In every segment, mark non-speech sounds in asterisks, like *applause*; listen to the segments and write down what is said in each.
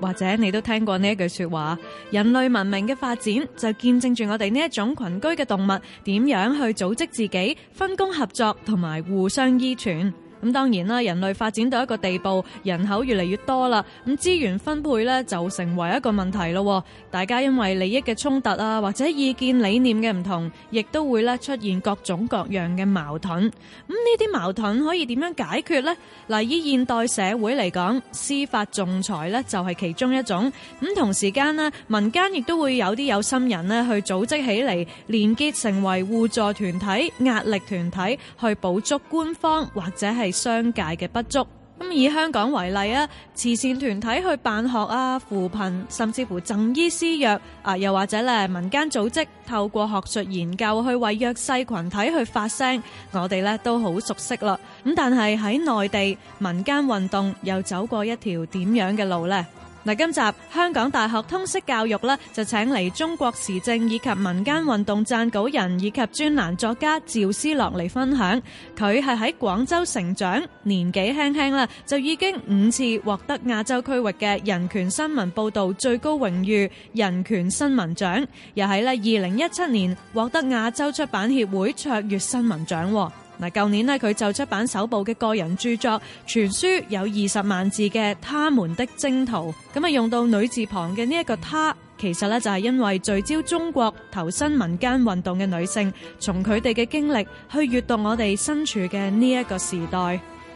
或者你都聽過呢句說話，人類文明嘅發展就見證住我哋呢一種群居嘅動物點樣去組織自己、分工合作同埋互相依存。咁當然啦，人類發展到一個地步，人口越嚟越多啦，咁資源分配咧就成為一個問題咯。大家因為利益嘅衝突啊，或者意見理念嘅唔同，亦都會咧出現各種各樣嘅矛盾。咁呢啲矛盾可以點樣解決咧？嗱，以現代社會嚟講，司法仲裁咧就係其中一種。咁同時間咧，民間亦都會有啲有心人咧去組織起嚟，連結成為互助團體、壓力團體，去補足官方或者係。商界嘅不足，咁以香港為例啊，慈善團體去辦學啊、扶貧，甚至乎贈醫施藥啊，又或者咧民間組織透過學術研究去為弱勢群體去發聲，我哋咧都好熟悉啦。咁但係喺內地，民間運動又走過一條點樣嘅路呢？嗱，今集香港大學通識教育咧，就請嚟中國時政以及民間運動撰稿人以及專欄作家趙思樂嚟分享。佢係喺廣州成長，年紀輕輕啦，就已經五次獲得亞洲區域嘅人權新聞報導最高榮譽人權新聞獎，又喺咧二零一七年獲得亞洲出版協會卓越新聞獎。嗱，舊年咧佢就出版首部嘅個人著作，全書有二十萬字嘅《他們的征途》，咁啊用到女字旁嘅呢一個她，其實咧就係因為聚焦中國投身民間運動嘅女性，從佢哋嘅經歷去閱讀我哋身處嘅呢一個時代。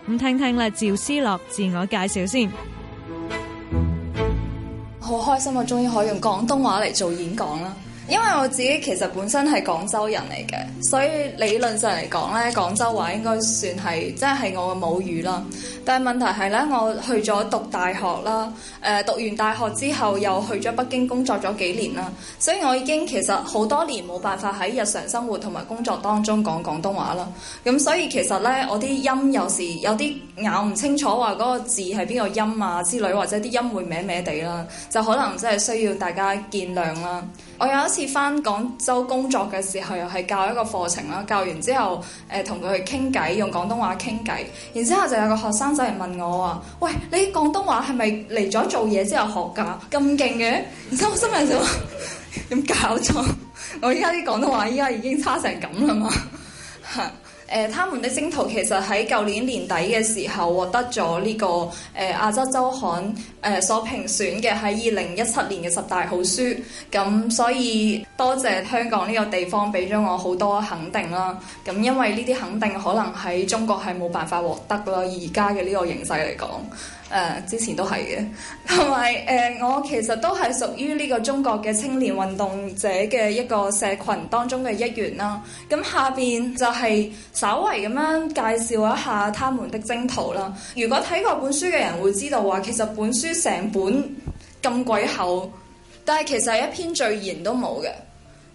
咁聽聽咧，趙思樂自我介紹先。好開心啊，終於可以用廣東話嚟做演講啦。因為我自己其實本身係廣州人嚟嘅，所以理論上嚟講呢，廣州話應該算係即係我嘅母語啦。但係問題係呢，我去咗讀大學啦，誒、呃、讀完大學之後又去咗北京工作咗幾年啦，所以我已經其實好多年冇辦法喺日常生活同埋工作當中講廣東話啦。咁所以其實呢，我啲音有時有啲咬唔清楚，話嗰個字係邊個音啊之類，或者啲音會歪歪地啦，就可能真係需要大家見諒啦。我有一次翻廣州工作嘅時候，又係教一個課程啦，教完之後，誒同佢去傾偈，用廣東話傾偈，然之後就有一個學生就嚟問我話，喂，你廣東話係咪嚟咗做嘢之後學㗎？咁勁嘅？然之後我心入面就話，點搞咗？我依家啲廣東話依家已經差成咁啦嘛，嚇！ *laughs* 誒，他們的征途其實喺舊年年底嘅時候獲得咗呢、這個誒、呃、亞洲周刊誒所評選嘅喺二零一七年嘅十大好書，咁所以多謝香港呢個地方俾咗我好多肯定啦。咁因為呢啲肯定可能喺中國係冇辦法獲得啦，而家嘅呢個形勢嚟講。誒、uh, 之前都係嘅，同埋誒我其實都係屬於呢個中國嘅青年運動者嘅一個社群當中嘅一員啦。咁下邊就係稍微咁樣介紹一下他們的征途啦。如果睇過本書嘅人會知道話，其實本書成本咁鬼厚，但係其實一篇序言都冇嘅。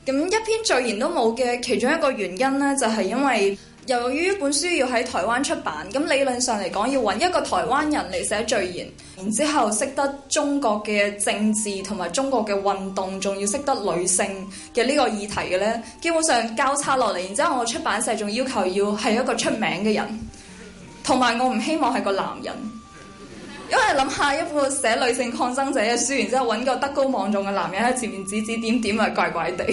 咁一篇序言都冇嘅，其中一個原因呢，就係因為。由於本書要喺台灣出版，咁理論上嚟講要揾一個台灣人嚟寫序言，然之後識得中國嘅政治同埋中國嘅運動，仲要識得女性嘅呢個議題嘅呢，基本上交叉落嚟，然之後我出版社仲要求要係一個出名嘅人，同埋我唔希望係個男人，因為諗下一部寫女性抗爭者嘅書，然之後揾個德高望重嘅男人喺前面指指點點啊，怪怪地。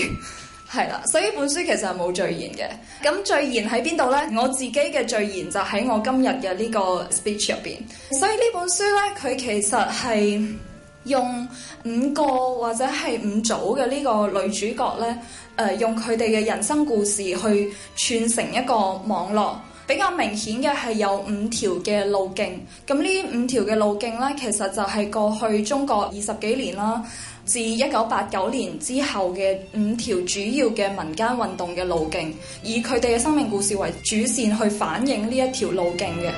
係啦，所以本書其實係冇序言嘅，咁序言喺邊度呢？我自己嘅序言就喺我今日嘅呢個 speech 入邊。所以呢本書呢，佢其實係用五個或者係五組嘅呢個女主角呢，誒、呃、用佢哋嘅人生故事去串成一個網絡。比較明顯嘅係有五條嘅路徑。咁呢五條嘅路徑呢，其實就係過去中國二十幾年啦。自一九八九年之後嘅五條主要嘅民間運動嘅路徑，以佢哋嘅生命故事為主線去反映呢一條路徑嘅。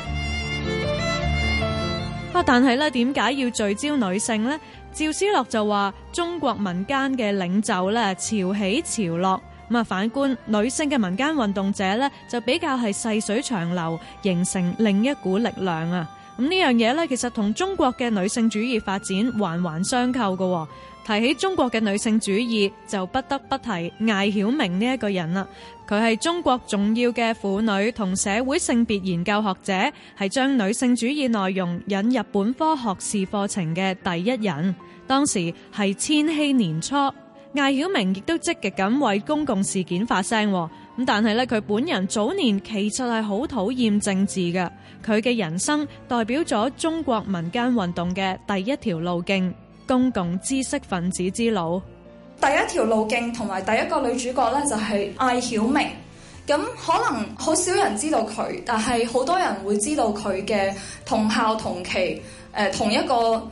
啊，但係咧，點解要聚焦女性呢？趙思樂就話：中國民間嘅領袖咧，潮起潮落，咁啊反觀女性嘅民間運動者呢，就比較係細水長流，形成另一股力量啊！咁呢樣嘢咧，其實同中國嘅女性主義發展環環相扣噶。提起中國嘅女性主義，就不得不提艾曉明呢一個人啦。佢係中國重要嘅婦女同社會性別研究學者，係將女性主義內容引入本科學士課程嘅第一人。當時係千禧年初。艾曉明亦都積極咁為公共事件發聲，咁但係咧佢本人早年其實係好討厭政治嘅，佢嘅人生代表咗中國民間運動嘅第一條路徑——公共知識分子之路。第一條路徑同埋第一個女主角咧就係艾曉明，咁可能好少人知道佢，但係好多人會知道佢嘅同校同期誒、呃、同一個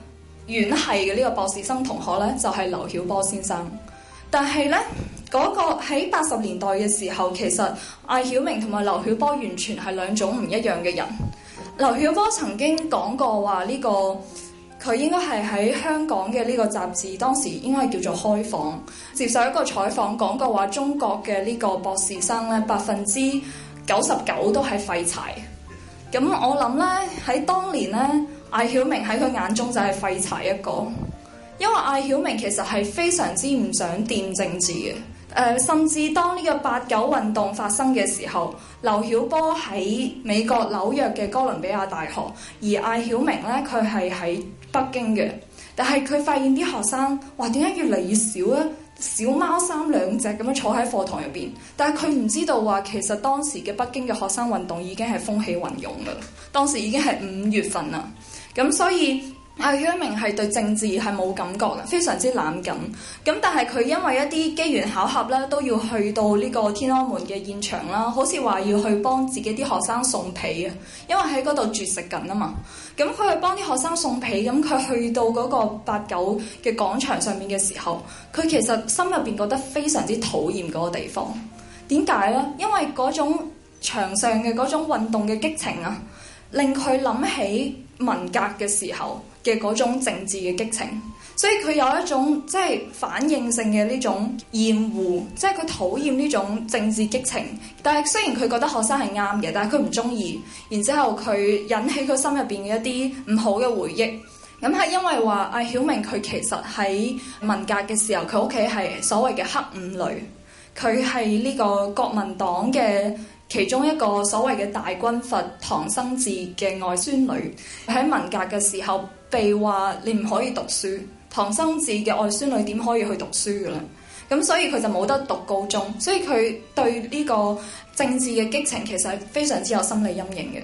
院系嘅呢個博士生同學咧就係劉曉波先生。但係呢，嗰個喺八十年代嘅時候，其實艾曉明同埋劉曉波完全係兩種唔一樣嘅人。劉曉波曾經講過話呢個，佢應該係喺香港嘅呢個雜誌，當時應該叫做《開放》，接受一個採訪講過話中國嘅呢個博士生呢，百分之九十九都係廢柴。咁我諗呢，喺當年呢，艾曉明喺佢眼中就係廢柴一個。因為艾曉明其實係非常之唔想掂政治嘅，誒、呃，甚至當呢個八九運動發生嘅時候，劉曉波喺美國紐約嘅哥倫比亞大學，而艾曉明呢，佢係喺北京嘅，但係佢發現啲學生，哇，點解越嚟越少咧？小貓三兩隻咁樣坐喺課堂入邊，但係佢唔知道話，其實當時嘅北京嘅學生運動已經係風起雲湧㗎喇，當時已經係五月份啦，咁所以。阿曉明係對政治係冇感覺嘅，非常之冷感。咁但係佢因為一啲機緣巧合咧，都要去到呢個天安門嘅現場啦。好似話要去幫自己啲學生送被啊，因為喺嗰度絕食緊啊嘛。咁佢去幫啲學生送被，咁佢去，去到嗰個八九嘅廣場上面嘅時候，佢其實心入邊覺得非常之討厭嗰個地方。點解呢？因為嗰種場上嘅嗰種運動嘅激情啊，令佢諗起。文革嘅時候嘅嗰種政治嘅激情，所以佢有一種即係、就是、反應性嘅呢種厭惡，即係佢討厭呢種政治激情。但係雖然佢覺得學生係啱嘅，但係佢唔中意。然之後佢引起佢心入邊嘅一啲唔好嘅回憶。咁係因為話，阿、哎、曉明佢其實喺文革嘅時候，佢屋企係所謂嘅黑五類，佢係呢個國民黨嘅。其中一個所謂嘅大軍閥唐生智嘅外孫女，喺文革嘅時候被話你唔可以讀書。唐生智嘅外孫女點可以去讀書嘅啦？咁所以佢就冇得讀高中，所以佢對呢個政治嘅激情其實係非常之有心理陰影嘅。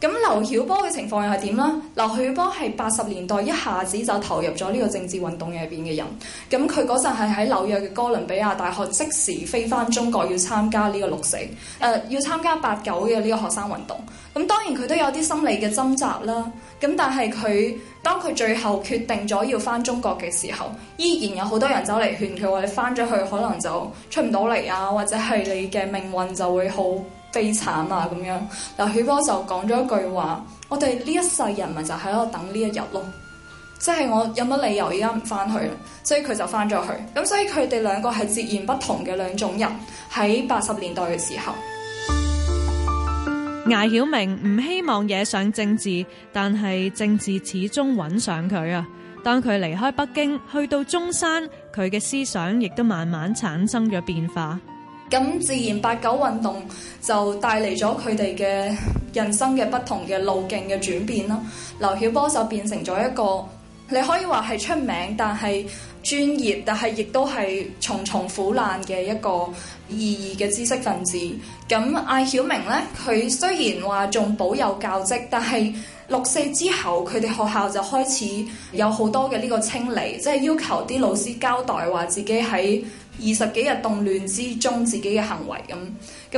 咁劉曉波嘅情況又係點呢？劉曉波係八十年代一下子就投入咗呢個政治運動入邊嘅人。咁佢嗰陣係喺紐約嘅哥倫比亞大學即時飛翻中國，要參加呢個六四，誒、呃、要參加八九嘅呢個學生運動。咁當然佢都有啲心理嘅掙扎啦。咁但係佢當佢最後決定咗要翻中國嘅時候，依然有好多人走嚟勸佢話：你翻咗去可能就出唔到嚟啊，或者係你嘅命運就會好。悲慘啊，咁樣，劉曉波就講咗一句話：我哋呢一世人民就喺度等呢一日咯，即、就、係、是、我有乜理由而家唔翻去？所以佢就翻咗去。咁所以佢哋兩個係截然不同嘅兩種人。喺八十年代嘅時候，艾曉明唔希望惹上政治，但係政治始終搵上佢啊。當佢離開北京去到中山，佢嘅思想亦都慢慢產生咗變化。咁自然八九運動就帶嚟咗佢哋嘅人生嘅不同嘅路徑嘅轉變囉。劉曉波就變成咗一個你可以話係出名，但係專業，但係亦都係重重苦難嘅一個異議嘅知識分子。咁艾曉明呢，佢雖然話仲保有教職，但係六四之後，佢哋學校就開始有好多嘅呢個清理，即係要求啲老師交代話自己喺二十幾日動亂之中，自己嘅行為咁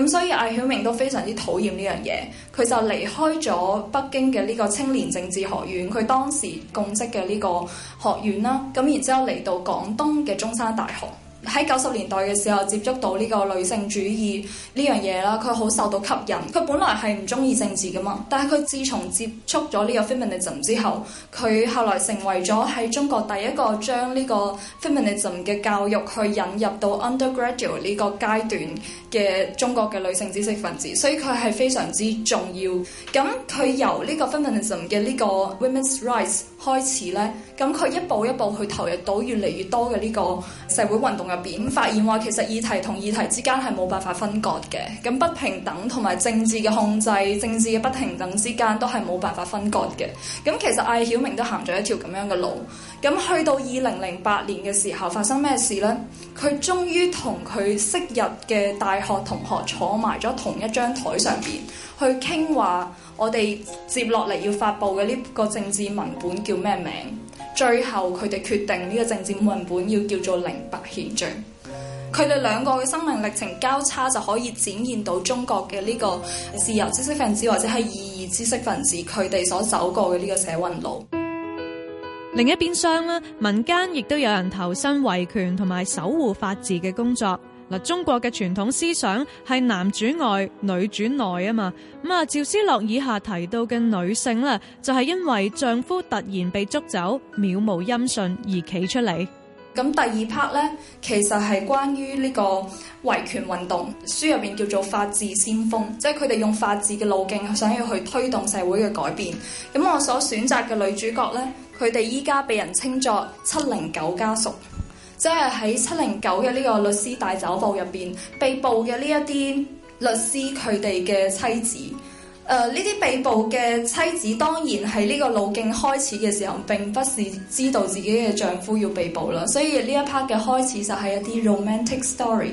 咁，所以艾曉明都非常之討厭呢樣嘢，佢就離開咗北京嘅呢個青年政治學院，佢當時供職嘅呢個學院啦，咁然之後嚟到廣東嘅中山大學。喺九十年代嘅時候接觸到呢個女性主義呢樣嘢啦，佢好受到吸引。佢本來係唔中意政治嘅嘛，但係佢自從接觸咗呢個 feminism 之後，佢後來成為咗喺中國第一個將呢個 feminism 嘅教育去引入到 undergraduate 呢個階段嘅中國嘅女性知識分子，所以佢係非常之重要。咁佢由呢個 feminism 嘅呢個 women's rights 開始咧，咁佢一步一步去投入到越嚟越多嘅呢個社會運動入邊發現話，其實議題同議題之間係冇辦法分割嘅。咁不平等同埋政治嘅控制、政治嘅不平等之間都係冇辦法分割嘅。咁其實艾曉明都行咗一條咁樣嘅路。咁去到二零零八年嘅時候，發生咩事呢？佢終於同佢昔日嘅大學同學坐埋咗同一張台上邊，去傾話。我哋接落嚟要發布嘅呢個政治文本叫咩名？最後佢哋決定呢個政治文本要叫做零八憲章。佢哋兩個嘅生命歷程交叉，就可以展現到中國嘅呢個自由知識分子或者係異議知識分子佢哋所走過嘅呢個社運路。另一邊廂呢，民間亦都有人投身維權同埋守護法治嘅工作。中國嘅傳統思想係男主外、女主內啊嘛，咁啊，趙思樂以下提到嘅女性咧，就係因為丈夫突然被捉走、渺無音訊而企出嚟。咁第二 part 呢，其實係關於呢個維權運動，書入面叫做法治先鋒，即係佢哋用法治嘅路徑，想要去推動社會嘅改變。咁我所選擇嘅女主角呢，佢哋依家被人稱作七零九家屬。即係喺七零九嘅呢個律師大走報入邊被捕嘅呢一啲律師佢哋嘅妻子、呃，誒呢啲被捕嘅妻子當然喺呢個路徑開始嘅時候並不是知道自己嘅丈夫要被捕啦，所以呢一 part 嘅開始就係一啲 romantic story。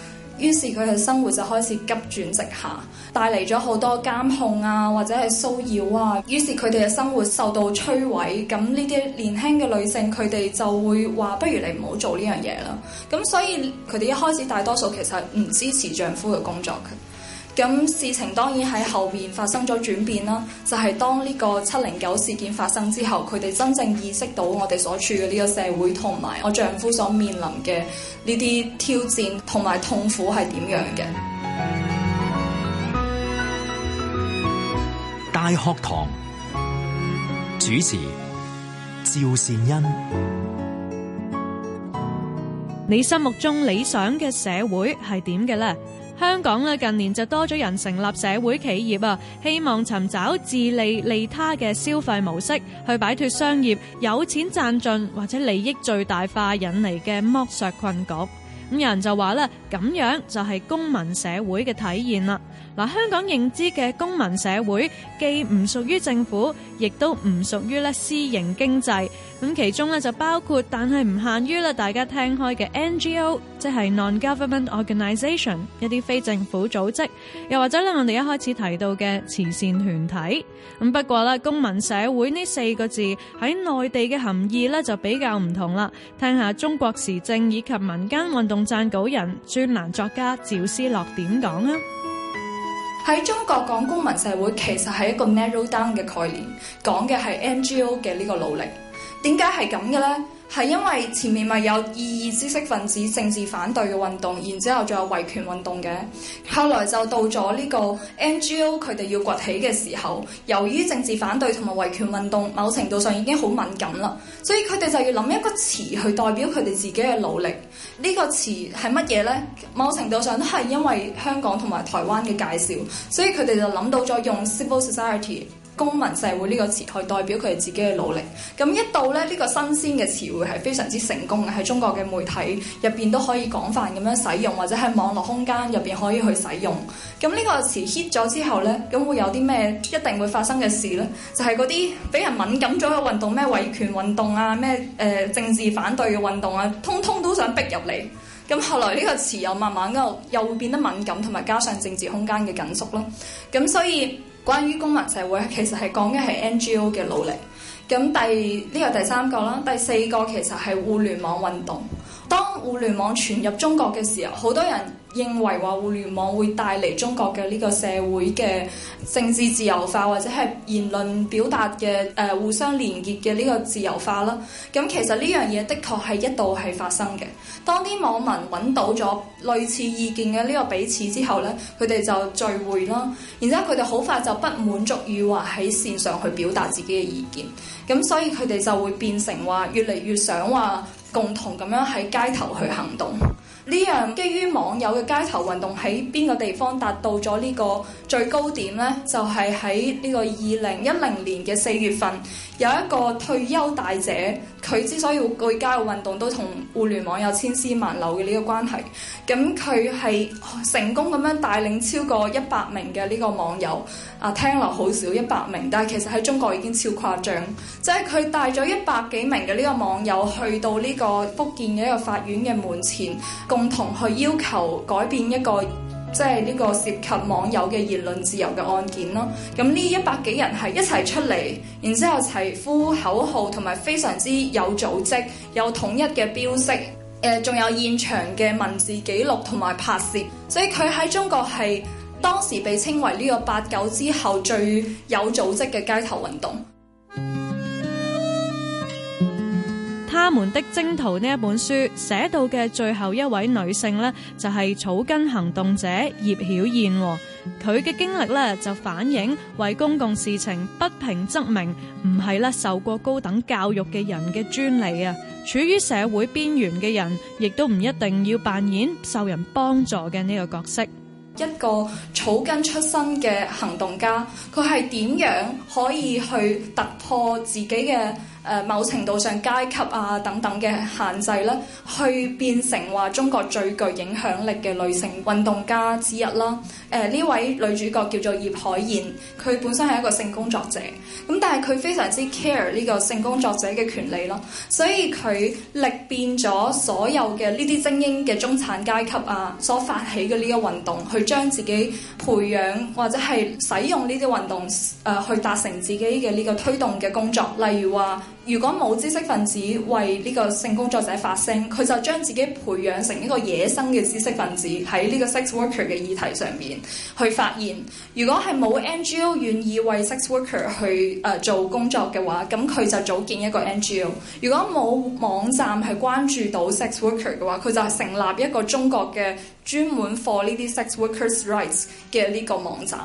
於是佢嘅生活就開始急轉直下，帶嚟咗好多監控啊，或者係騷擾啊。於是佢哋嘅生活受到摧毀。咁呢啲年輕嘅女性，佢哋就會話：不如你唔好做呢樣嘢啦。咁所以佢哋一開始大多數其實係唔支持丈夫嘅工作嘅。咁事情當然喺後面發生咗轉變啦，就係當呢個七零九事件發生之後，佢哋真正意識到我哋所處嘅呢個社會同埋我丈夫所面臨嘅呢啲挑戰同埋痛苦係點樣嘅。大學堂主持趙善恩，你心目中理想嘅社會係點嘅咧？香港咧近年就多咗人成立社會企業啊，希望尋找自利利他嘅消費模式，去擺脱商業有錢賺盡或者利益最大化引嚟嘅剝削困局。咁有人就話咧，咁樣就係公民社會嘅體現啦。嗱，香港認知嘅公民社會既唔屬於政府，亦都唔屬於咧私營經濟。咁其中咧就包括，但係唔限於啦。大家聽開嘅 NGO，即係 non-government organization，一啲非政府組織，又或者咧，我哋一開始提到嘅慈善團體。咁不過咧，公民社會呢四個字喺內地嘅含義咧就比較唔同啦。聽下中國時政以及民間運動撰稿人專欄作家趙思樂點講啊？喺中國講公民社會，其實，係一個 narrow down 嘅概念，講嘅係 NGO 嘅呢個努力。點解係咁嘅呢？係因為前面咪有異議知識分子政治反對嘅運動，然之後仲有維權運動嘅。後來就到咗呢個 NGO 佢哋要崛起嘅時候，由於政治反對同埋維權運動某程度上已經好敏感啦，所以佢哋就要諗一個詞去代表佢哋自己嘅努力。呢個詞係乜嘢呢？某程度上都係因為香港同埋台灣嘅介紹，所以佢哋就諗到咗用 civil society。公民社會呢個詞去代表佢哋自己嘅努力。咁一到咧呢、呢個新鮮嘅詞彙係非常之成功嘅，喺中國嘅媒體入邊都可以廣泛咁樣使用，或者喺網絡空間入邊可以去使用。咁呢個詞 hit 咗之後呢，咁會有啲咩一定會發生嘅事呢？就係嗰啲俾人敏感咗嘅運動，咩維權運動啊，咩誒、呃、政治反對嘅運動啊，通通都想逼入嚟。咁後來呢個詞又慢慢又會變得敏感，同埋加上政治空間嘅緊縮咯。咁所以。關於公民社會，其實係講嘅係 NGO 嘅努力。咁第呢個第三個啦，第四個其實係互聯網運動。當互聯網傳入中國嘅時候，好多人認為話互聯網會帶嚟中國嘅呢個社會嘅政治自由化，或者係言論表達嘅誒互相連結嘅呢個自由化啦。咁其實呢樣嘢的確係一度係發生嘅。當啲網民揾到咗類似意見嘅呢個彼此之後，呢佢哋就聚會啦。然之後佢哋好快就不滿足於話喺線上去表達自己嘅意見，咁所以佢哋就會變成話越嚟越想話。共同咁樣喺街頭去行動，呢樣基於網友嘅街頭運動喺邊個地方達到咗呢個最高點呢？就係喺呢個二零一零年嘅四月份。有一個退休大姐，佢之所以會居家運動，都同互聯網有千絲萬縷嘅呢個關係。咁佢係成功咁樣帶領超過一百名嘅呢個網友啊，聽落好少一百名，但係其實喺中國已經超誇張，即係佢帶咗一百幾名嘅呢個網友去到呢個福建嘅一個法院嘅門前，共同去要求改變一個。即係呢個涉及網友嘅言論自由嘅案件咯。咁呢一百幾人係一齊出嚟，然之後齊呼口號，同埋非常之有組織、有統一嘅標識。誒、呃，仲有現場嘅文字記錄同埋拍攝。所以佢喺中國係當時被稱為呢個八九之後最有組織嘅街頭運動。們的征途呢一本書寫到嘅最後一位女性呢，就係草根行動者葉曉燕。佢嘅經歷呢就反映為公共事情不平則鳴，唔係啦，受過高等教育嘅人嘅專利啊。處於社會邊緣嘅人，亦都唔一定要扮演受人幫助嘅呢個角色。一個草根出身嘅行動家，佢係點樣可以去突破自己嘅？呃，某程度上階級啊等等嘅限制咧，去變成話中國最具影響力嘅女性運動家之一啦。誒呢、呃、位女主角叫做葉海燕，佢本身係一個性工作者，咁但係佢非常之 care 呢個性工作者嘅權利咯，所以佢力變咗所有嘅呢啲精英嘅中產階級啊，所發起嘅呢個運動，去將自己培養或者係使用呢啲運動誒、呃、去達成自己嘅呢個推動嘅工作。例如話，如果冇知識分子為呢個性工作者發聲，佢就將自己培養成一個野生嘅知識分子喺呢個 sex worker 嘅議題上面。去發現，如果係冇 NGO 願意為 sex worker 去誒、呃、做工作嘅話，咁佢就組建一個 NGO。如果冇網站係關注到 sex worker 嘅話，佢就係成立一個中國嘅專門 for 呢啲 sex workers rights 嘅呢個網站。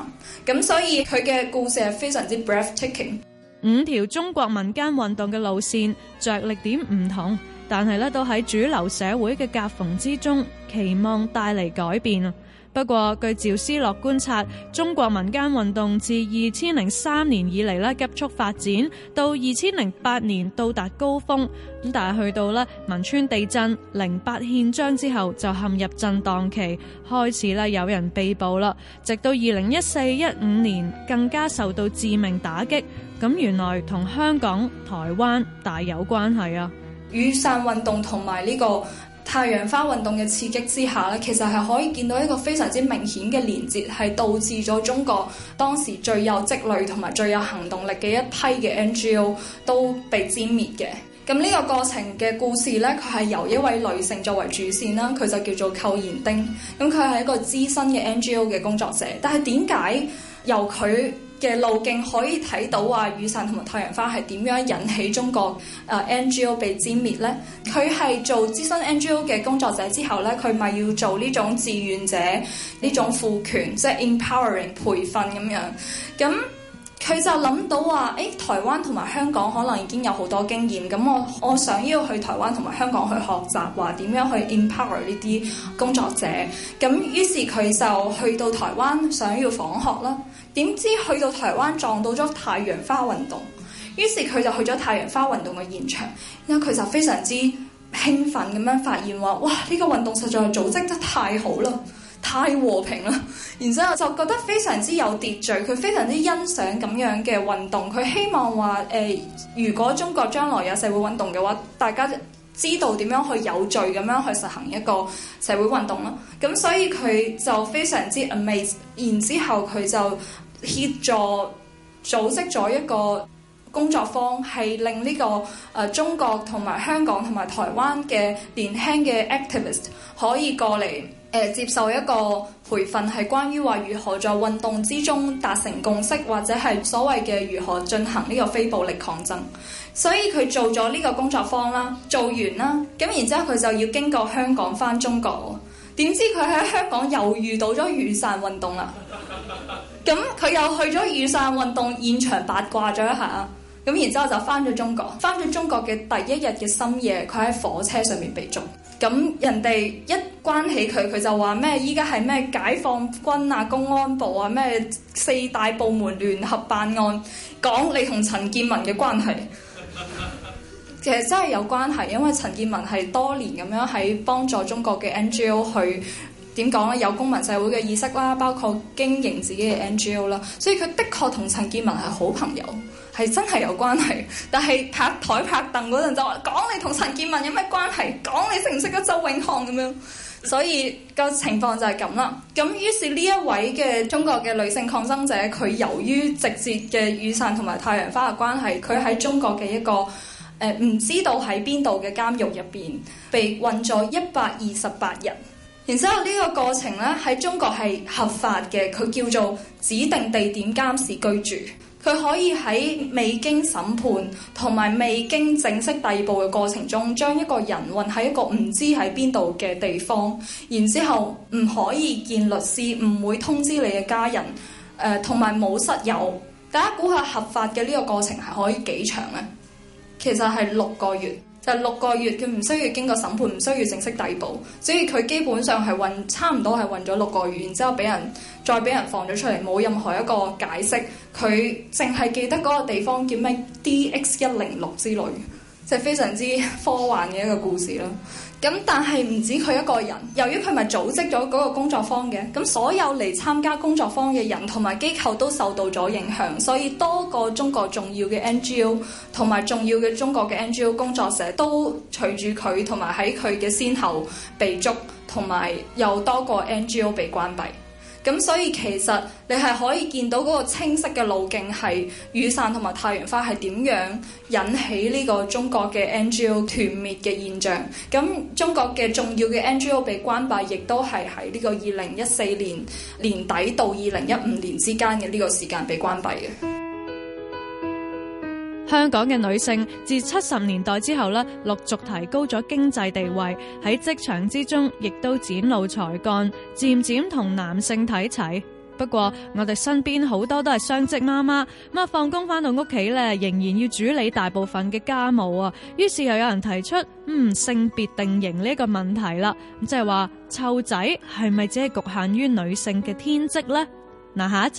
咁所以佢嘅故事係非常之 breathtaking。五條中國民間運動嘅路線着力點唔同，但係咧都喺主流社會嘅夾縫之中，期望帶嚟改變。不過，據趙思樂觀察，中國民間運動自二千零三年以嚟咧急速發展，到二千零八年到達高峰，咁但係去到咧汶川地震、零八憲章之後就陷入震盪期，開始咧有人被捕啦，直到二零一四一五年更加受到致命打擊，咁原來同香港、台灣大有關係啊！雨傘運動同埋呢個。太陽花運動嘅刺激之下咧，其實係可以見到一個非常之明顯嘅連接，係導致咗中國當時最有積累同埋最有行動力嘅一批嘅 NGO 都被殲滅嘅。咁呢個過程嘅故事，呢佢係由一位女性作為主線啦，佢就叫做寇延丁。咁佢係一個資深嘅 NGO 嘅工作者，但係點解由佢？嘅路徑可以睇到話雨傘同埋太陽花係點樣引起中國誒 NGO 被殲滅咧？佢係做資深 NGO 嘅工作者之後咧，佢咪要做呢種志願者呢種賦權，即係 empowering 培訓咁樣咁。佢就諗到話，誒，台灣同埋香港可能已經有好多經驗，咁我我想要去台灣同埋香港去學習，話點樣去 empower 呢啲工作者。咁於是佢就去到台灣想要訪學啦。點知去到台灣撞到咗太陽花運動，於是佢就去咗太陽花運動嘅現場，然後佢就非常之興奮咁樣發現話，哇！呢個運動實在組織得太好啦！太和平啦， *laughs* 然之後就覺得非常之有秩序，佢非常之欣賞咁樣嘅運動，佢希望話誒、呃、如果中國將來有社會運動嘅話，大家知道點樣去有序咁樣去實行一個社會運動啦。咁所以佢就非常之 amazed，然之後佢就協助組織咗一個工作坊，係令呢、呢個誒、呃、中國同埋香港同埋台灣嘅年輕嘅 activist 可以過嚟。呃，接受一個培訓係關於話如何在運動之中達成共識，或者係所謂嘅如何進行呢個非暴力抗爭。所以佢做咗呢個工作坊啦，做完啦，咁然之後佢就要經過香港返中國。點知佢喺香港又遇到咗雨傘運動啦，咁佢又去咗雨傘運動現場八卦咗一下。咁然之後就翻咗中國，翻咗中國嘅第一日嘅深夜，佢喺火車上面被捉。咁人哋一關起佢，佢就話咩？依家係咩解放軍啊、公安部啊咩四大部門聯合辦案，講你同陳建文嘅關係。 *laughs* 其實真係有關係，因為陳建文係多年咁樣喺幫助中國嘅 NGO 去。點講咧？有公民社會嘅意識啦，包括經營自己嘅 NGO 啦，所以佢的確同陳建文係好朋友，係真係有關係。但係拍台拍凳嗰陣就話：講你同陳建文有咩關係？講你識唔識得周永康咁樣。所以個情況就係咁啦。咁於是呢一位嘅中國嘅女性抗爭者，佢由於直接嘅雨傘同埋太陽花嘅關係，佢喺中國嘅一個誒，唔知道喺邊度嘅監獄入邊被韞咗一百二十八日。然之後呢個過程咧喺中國係合法嘅，佢叫做指定地點監視居住。佢可以喺未經審判同埋未經正式逮捕嘅過程中，將一個人運喺一個唔知喺邊度嘅地方。然之後唔可以見律師，唔會通知你嘅家人，誒同埋冇室友。大家估下合法嘅呢個過程係可以幾長呢，啊？其實係六個月。但六個月佢唔需要經過審判，唔需要正式逮捕，所以佢基本上係運差唔多係運咗六個月，然之後俾人再俾人放咗出嚟，冇任何一個解釋，佢淨係記得嗰個地方叫咩 DX 一零六之類，即係非常之科幻嘅一個故事啦。咁但係唔止佢一個人，由於佢咪組織咗嗰個工作坊嘅，咁所有嚟參加工作坊嘅人同埋機構都受到咗影響，所以多個中國重要嘅 NGO 同埋重要嘅中國嘅 NGO 工作社都隨住佢同埋喺佢嘅先後被捉，同埋又多個 NGO 被關閉。咁所以其實你係可以見到嗰個清晰嘅路徑係雨傘同埋太陽花係點樣引起呢個中國嘅 NGO 團滅嘅現象。咁中國嘅重要嘅 NGO 被關閉，亦都係喺呢個二零一四年年底到二零一五年之間嘅呢個時間被關閉嘅。香港嘅女性自七十年代之後呢，陸續提高咗經濟地位，喺職場之中亦都展露才幹，漸漸同男性睇齊。不過，我哋身邊好多都係雙職媽媽，咁啊放工翻到屋企咧，仍然要處理大部分嘅家務啊。於是又有人提出，嗯，性別定型呢一個問題啦，咁即係話湊仔係咪只係局限於女性嘅天職呢？嗱，下一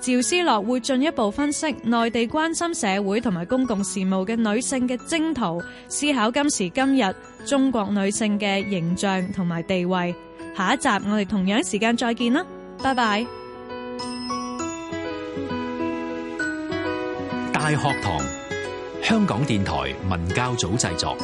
集趙思樂會進一步分析內地關心社會同埋公共事務嘅女性嘅征途，思考今時今日中國女性嘅形象同埋地位。下一集我哋同樣時間再見啦，拜拜。大學堂，香港電台文教組製作。